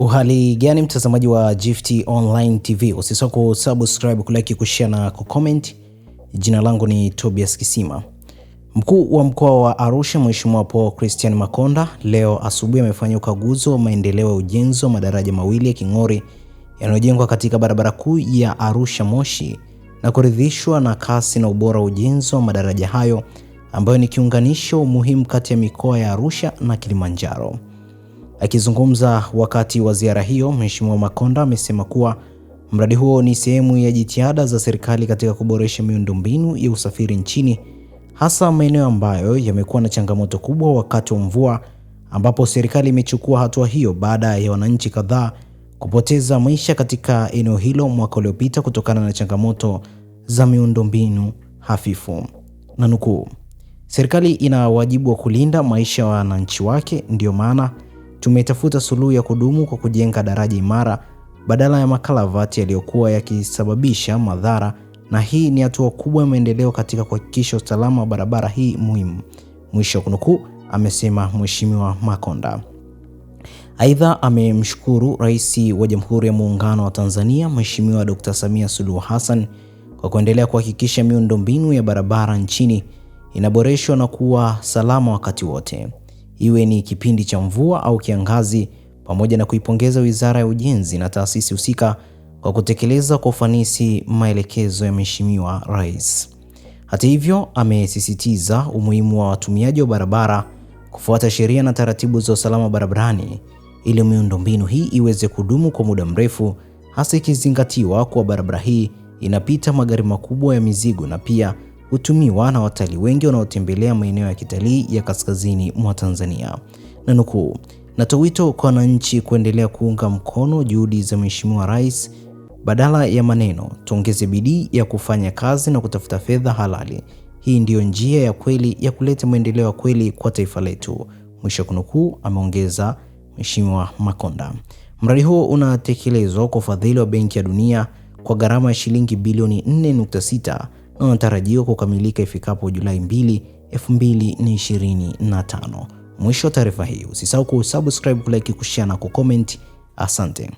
Uhali gani mtazamaji wa Gift Online TV, usisahau kusubscribe, kulike, kushare na kucomment. Jina langu ni Tobias Kisima. Mkuu wa mkoa wa Arusha Mheshimiwa Paul Christian Makonda leo asubuhi amefanya ukaguzi wa maendeleo ya ujenzi wa madaraja mawili ya king'ori yanayojengwa katika barabara kuu ya Arusha Moshi na kuridhishwa na kasi na ubora wa ujenzi wa madaraja hayo ambayo ni kiunganisho muhimu kati ya mikoa ya Arusha na Kilimanjaro. Akizungumza wakati wa ziara hiyo, Mheshimiwa Makonda amesema kuwa mradi huo ni sehemu ya jitihada za serikali katika kuboresha miundombinu ya usafiri nchini, hasa maeneo ambayo yamekuwa na changamoto kubwa wakati wa mvua, ambapo serikali imechukua hatua hiyo baada ya wananchi kadhaa kupoteza maisha katika eneo hilo mwaka uliopita kutokana na changamoto za miundombinu hafifu. Na nukuu, serikali ina wajibu wa kulinda maisha ya wananchi wake, ndiyo maana Tumetafuta suluhu ya kudumu kwa kujenga daraja imara badala ya makalavati yaliyokuwa yakisababisha madhara, na hii ni hatua kubwa ya maendeleo katika kuhakikisha usalama wa barabara hii muhimu, mwisho wa kunukuu, amesema Mheshimiwa Makonda. Aidha, amemshukuru Rais wa Jamhuri ya Muungano wa Tanzania Mheshimiwa Dkt. Samia Suluhu Hassan kwa kuendelea kuhakikisha miundombinu ya barabara nchini inaboreshwa na kuwa salama wakati wote iwe ni kipindi cha mvua au kiangazi, pamoja na kuipongeza Wizara ya Ujenzi na taasisi husika kwa kutekeleza kwa ufanisi maelekezo ya Mheshimiwa Rais. Hata hivyo, amesisitiza umuhimu wa watumiaji wa barabara kufuata sheria na taratibu za usalama barabarani ili miundombinu hii iweze kudumu kwa muda mrefu, hasa ikizingatiwa kuwa barabara hii inapita magari makubwa ya mizigo na pia hutumiwa na watalii wengi wanaotembelea maeneo ya kitalii ya kaskazini mwa Tanzania. Na nukuu, natoa wito kwa wananchi kuendelea kuunga mkono juhudi za Mheshimiwa Rais. Badala ya maneno, tuongeze bidii ya kufanya kazi na kutafuta fedha halali. Hii ndiyo njia ya kweli ya kuleta maendeleo ya kweli kwa taifa letu, mwisho kunukuu, ameongeza Mheshimiwa Makonda. Mradi huo unatekelezwa kwa ufadhili wa Benki ya Dunia kwa gharama ya shilingi bilioni 4.6 unatarajiwa kukamilika ifikapo Julai 2, 2025. Mwisho wa taarifa hii, usisahau kusubscribe, kulike, kushare na kucomment. Asante.